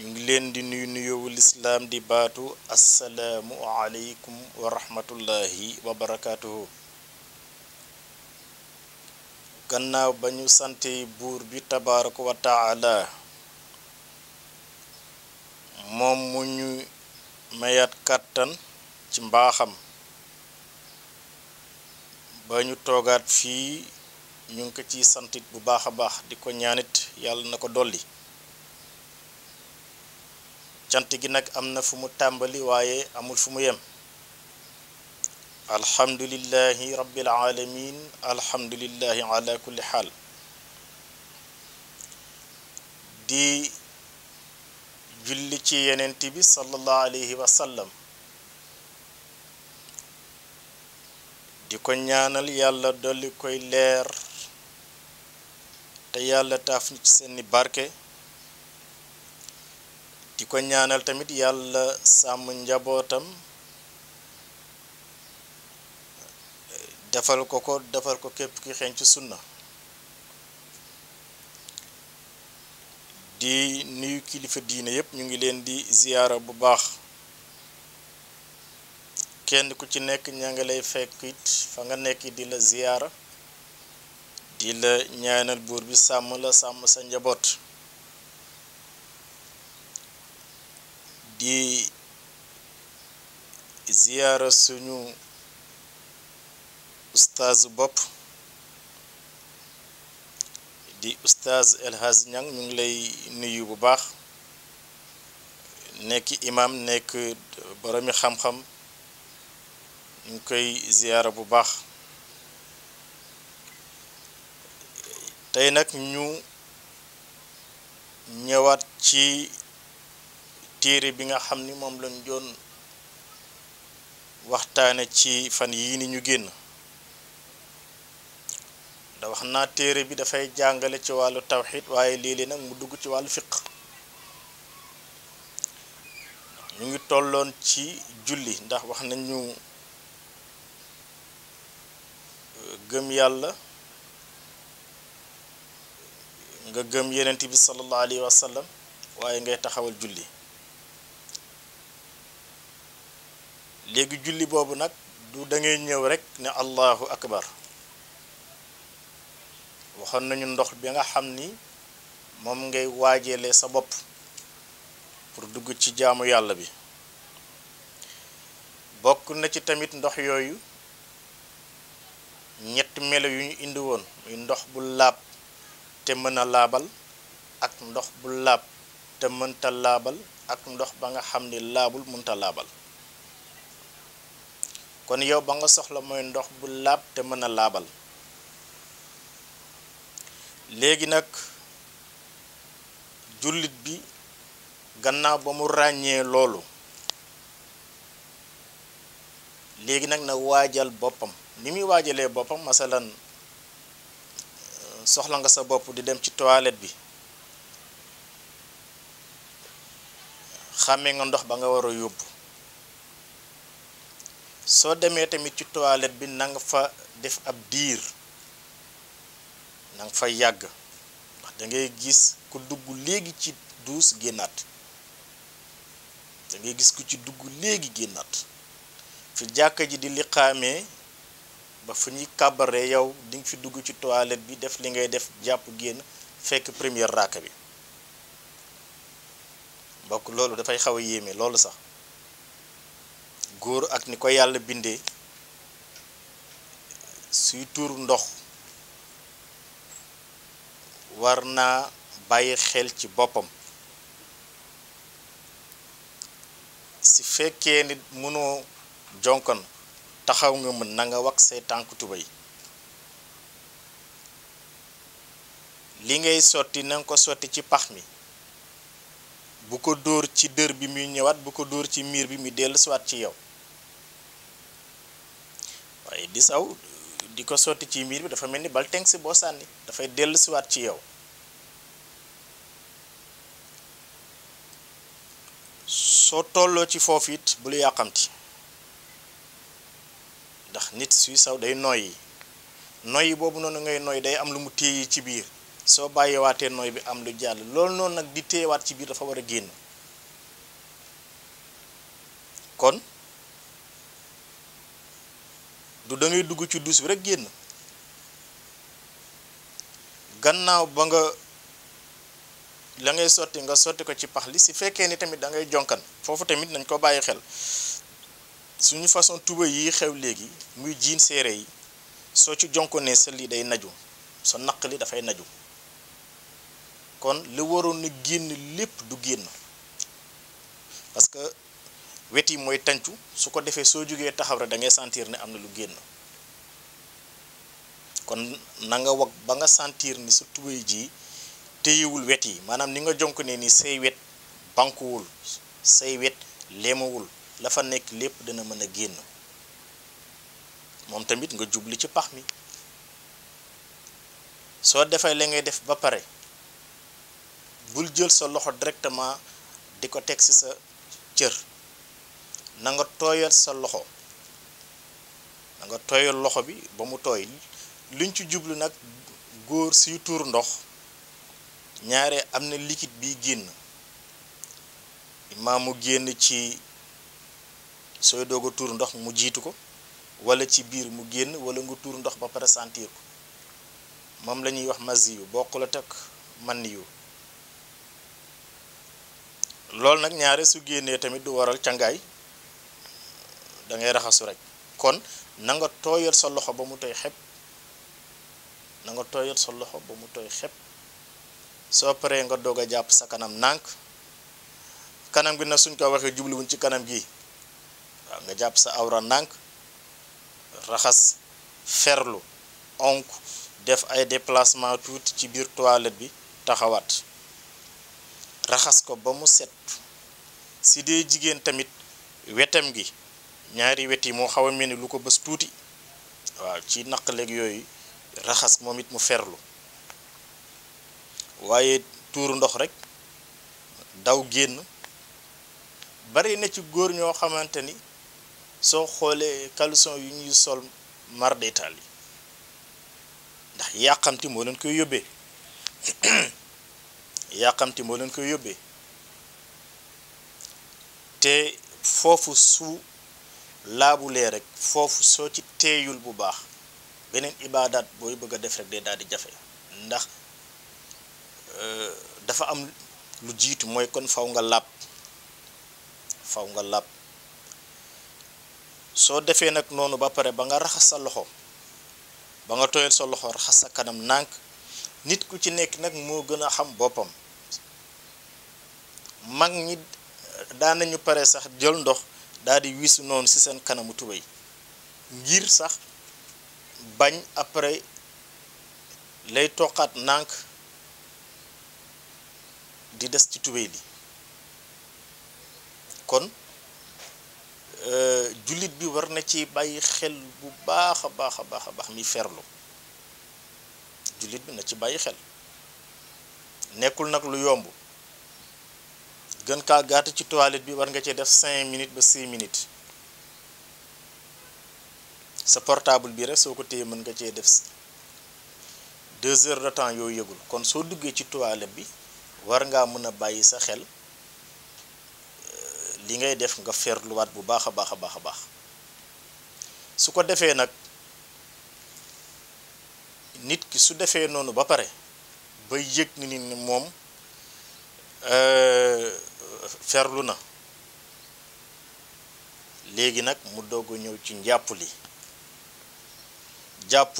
ñu ngi leen di nuyu nuyowu lislaam di baatu assalaamu aleykum wa rahmatullahi gannaaw ba ñu sante buur bi tabaaraka wa moom mu ñu mayaat kàttan ci mbaaxam ba ñu toogaat fii ñu ngi ko ciy santit bu baax a baax di ko ñaanit yàlla na ko dolli cant gi nag am na fu mu tàmbali waaye amul fu mu yem alhamdulillahi rabbil alamin alhamdulillahi ala kulli xaal di julli ci yenent bi sallallahu alayhi wa di ko ñaanal yàlla dolli koy leer te yàlla taaf ñu seeni barke di ko ñaanal tamit yàlla sàmm njabootam defal ko ko defal ko képp ki xeeñ ci sunna di nuyu kilifa diine yépp ñu ngi leen di ziyaara bu baax kenn ku ci nekk ña nga fekk it fa nga nekk di la ziyaara di la ñaanal buur bi sàmm la sàmm sa njaboot di ziyaara suñu ustaaz bopp di ustaaz El Hadj ñu ngi lay nuyu bu baax nekk imam nekk boromi xam-xam ñu koy ziyaara bu baax tey nag ñu ñëwaat ci téere bi nga xam ni moom lañ doon waxtaane ci fan yii ni ñu génn da wax naa téere bi dafay jàngale ci wàllu tawxid waaye léeg-léeg nag mu dugg ci wàllu fiq mu ngi tolloon ci julli ndax wax nañu euh, gëm yàlla nga gëm yenent bi sallallahu alayhi wa sallam waaye ngay taxawal julli léegi julli boobu nag du dangay ñëw rek ne allahu akbar waxoon nañu ndox bi nga xam ni moom ngay waajeele sa bopp pour dugg ci jaamu yàlla bi bokk na ci tamit ndox yooyu ñetti melo yu ñu indi woon muy ndox bu laab te mën a laabal ak ndox bu laab te mënta laabal ak ndox ba nga xam ni laabul mënta laabal kon yow ba nga soxla mooy ndox bu laab te mën a laabal léegi nag jullit bi gannaaw ba mu ràññee loolu léegi nag na waajal boppam ni muy waajalee boppam masalan soxla nga sa bopp di dem ci toilette bi xàmmee nga ndox ba nga war a yóbbu soo demee tamit ci toilette bi na fa def ab diir na nga fa yàgg dangay gis ku dugg léegi ci duus génnaat dangay gis ku ci dugg léegi génnaat fi jàkk ji di liqaamee ba fu ñuy kàbbare yow di fi dugg ci toilet bi def li ngay def jàpp génn fekk première raaka bi mbokk loolu dafay xaw a yéeme loolu sax góor ak ni ko yàlla bindee suy tuur ndox war naa bàyyi xel ci boppam si fekkee nit mënoo jonkon taxaw nga mën na nga wax say tànk tubéy li ngay sotti na ko sotti ci pax mi bu ko dóor ci dër bi muy ñëwaat bu ko dóor ci miir bi muy dellusiwaat ci yow waaye di saw di ko sotti ci miir bi dafa mel ni bal tenk si boo sànni dafay dellusiwaat ci yow soo tolloo ci foofu it bul yàqamti ndax nit suy saw day noyyi noyyi boobu noonu ngay noyyi day am lu mu téye ci biir soo bàyyiwaatee nooy bi am lu jàll lool noonu nag di téyewaat ci biir dafa war a génn kon du da dugg ci duus bi rek génn gannaaw ba nga la ngay sotti nga sotti ko ci pax li si fekkee ni tamit da ngay jonkan foofu tamit nañ ko bàyyi xel su ñu façon tuba yi xew léegi muy jiin séere yi soo ci jonko ne sa lii day naju sa naq li dafay naju kon lu waroon na génn lépp du génn parce que wet yi mooy tàncu su ko defee soo jógee taxaw rek da ngay sentir ne am na lu génn kon na nga wag ba nga sentir ni sa tubéy ji téyewul wet yi maanaam ni nga jonk ne ni say wet bankuwul say wet leemawul la fa nekk lépp dana mën a génn moom tamit nga jubli ci pax mi soo defee la ngay def ba pare bul jël sa loxo directement di ko teg ci sa cër nanga tooyal sa loxo na nga tooyal loxo bi ba mu tooy liñ ci jublu nag góor suy tuur ndox ñaare am na liquide bi génn maa génn ci sooy doog a tuur ndox mu jiitu ko walla ci biir mu génn wala ngu tuur ndox ba pare sentir ko moom la ñuy wax masi yu bokkul a teg man yu loolu nag ñaare su génnee tamit du waral cangaay da ngay raxasu rek kon nanga nga tooyal sa loxo ba mu tooy xepp na nga tooyal sa loxo ba mu tooy xepp soo paree nga doog a jàpp sa kanam nànk kanam gi nag suñ ko waxee jubluwuñ ci kanam gi waaw nga jàpp sa awra nànk raxas ferlu onk def ay déplacement tuuti ci biir toilette bi taxawaat raxas ko ba mu set si dee jigéen tamit wetam gi ñaari wet yi moo xaw a mel ni lu ko bës tuuti waaw ci naqaleeg yooyu raxas moom it mu ferlu waaye tuuru ndox rek daw génn bari na ci góor ñoo xamante ni soo xoolee caleçon yu ñuy sol mar yi ndax yàqamti moo leen koy yóbbee yàqamti moo leen koy yóbbee te foofu su laabulee rek foofu soo ci teeyul bu baax beneen ibaadaat booy bëgg a def rek day daal di jafe ndax euh, dafa am lu jiitu mooy kon faw nga làpp faw nga làpp soo defee nag noonu ba pare ba nga raxas sa loxo ba nga tooyal sa loxo raxas sa kanam nànk nit ku ci nekk nag moo gën a xam boppam mag ñi nañu pare sax jël ndox daal di wisu noonu ci seen kanamu tubéy ngir sax bañ après lay toqaat nànk di des ci tubéy li kon euh, jullit bi war na ci bàyyi xel bu baax a baax a baax a baax mi ferlu jullit bi na ci bàyyi xel nekkul nag lu yomb gën kaa gàtt ci toilette bi war nga cee def cinq minutes ba six minutes sa portable bi rek soo ko téye mën nga cee def deux heures de temps yoo yëgul kon soo duggee ci toilette bi war ngaa mën a bàyyi sa xel euh, li ngay def nga ferluwaat bu baax a baax a baax a baax su ko defee nag nit ki su defee noonu ba pare ba yëg ni ni moom euh, ferlu na léegi nag mu doog ñëw ci njàpp li jàpp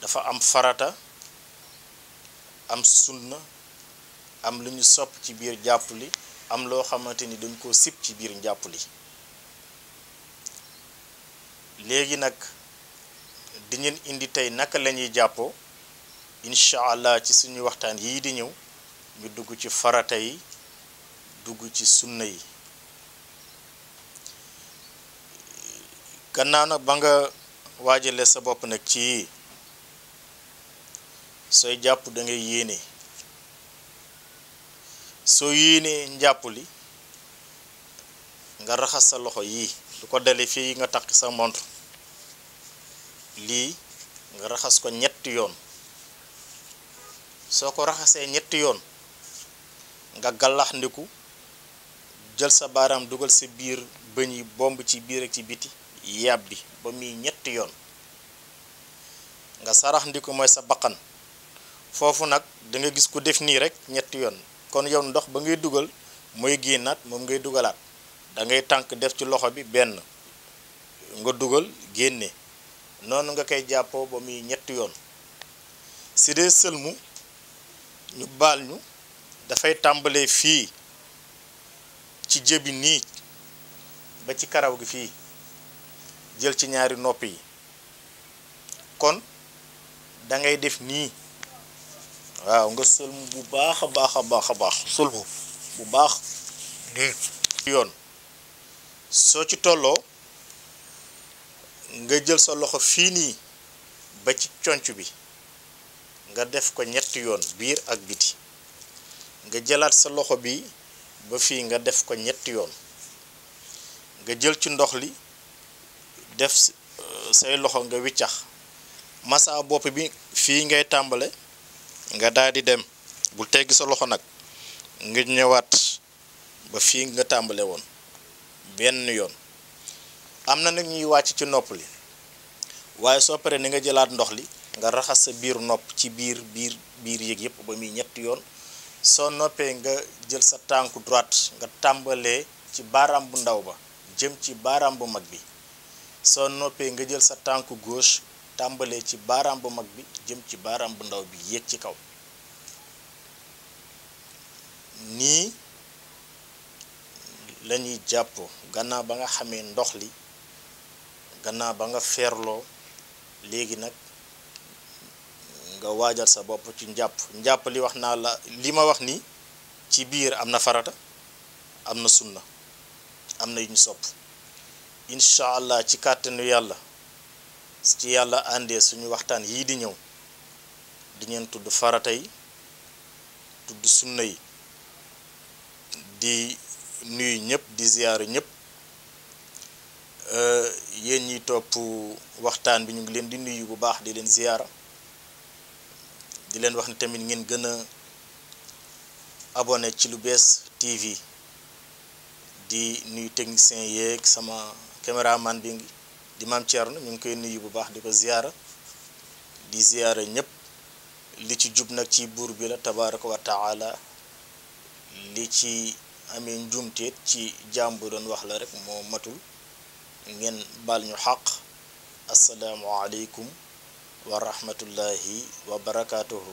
dafa am farata am sunna am lu ñu sopp ci biir jàpp li am loo xamante ni dañ koo sib ci biir njàpp li léegi nag di ngeen indi tey naka lañuy jàppoo incha allah ci suñu waxtaan yii di ñëw ñu dugg ci farata yi dugg ci sunna yi gannaaw nag ba nga waajale sa bopp nag ci sooy jàpp dangay ngay yéene soo yéenee njàpp li nga raxas sa loxo yii lu ko dale fii nga takk sa montre lii nga raxas ko ñetti yoon soo ko raxasee ñetti yoon nga gàllax jël sa baaraam dugal sa biir bëñ yi bomb ci biir ak ci biti yàbbi ba muy ñetti yoon nga sarax ndiku mooy sa baqan foofu nag danga gis ku def nii rek ñetti yoon kon yow ndox ba ngay dugal mooy génnaat moom ngay dugalaat dangay tànk def ci loxo bi benn nga dugal génne noonu nga koy jàppoo ba muy ñetti yoon si dee sëlmu ñu baal ñu dafay tàmbalee fii ci jébi nii ba ci karaw gi fii jël ci ñaari nopp yi kon dangay def nii waaw nga sëlmu bu baax a baax a baax a baax sëlmu bu baax yoon soo ci tolloo nga jël sa loxo fii nii ba ci conc bi nga def ko ñetti yoon biir ak biti nga jëlaat sa loxo bi ba fii nga def ko ñetti yoon nga jël ci ndox li def euh, say loxo nga wiccax masaa bopp bi fii ngay tàmbale nga daldi dem bu tegg sa loxo nag nga ñëwaat ba fii nga tàmbale woon benn yoon am na nag ñuy wàcc ci nopp li waaye soo paree ni nga jëlaat ndox li nga raxas sa biir nopp ci biir biir biir yëg yëpp ba muy ñetti yoon soo noppee nga jël sa tànku droite nga tàmbalee ci baaraam bu ndaw ba jëm ci baaraam bu mag bi soo noppee nga jël sa tànku gauche tàmbalee ci baaraam bu mag bi jëm ci baaraam bu ndaw bi yéeg ci kaw nii lañuy jàpp gannaaw ba nga xamee ndox li gannaaw ba nga feerloo léegi nag nga waajal sa bopp ci njàpp njàpp li wax naa la li ma wax ni ci biir am na farata am na sunna am na yu ñu sopp incha allah ci kàttanu yàlla ci yàlla àndee suñu waxtaan yii di ñëw di ngeen tudd farata yi tudd sunna yi di nuy ñëpp di ziyaaru ñëpp Euh, yéen ñi topp waxtaan bi ñu ngi leen di nuyu bu baax di leen ziyaara di leen wax ne tamit ngeen gën a abonné ci lu bees TV di nuyu technicien yéeg sama caméraman bi di maam Thierno ñu ngi koy nuyu bu baax di ko ziyaara di ziyaara ñëpp li ci jub nag ci buur bi la tabaraka wa taala li ci amee njuumteet ci jaam bu doon wax la rek moo matul ngeen baal ñu xaq asalaamualeykum wa rahmatullahi wa barakaatuhu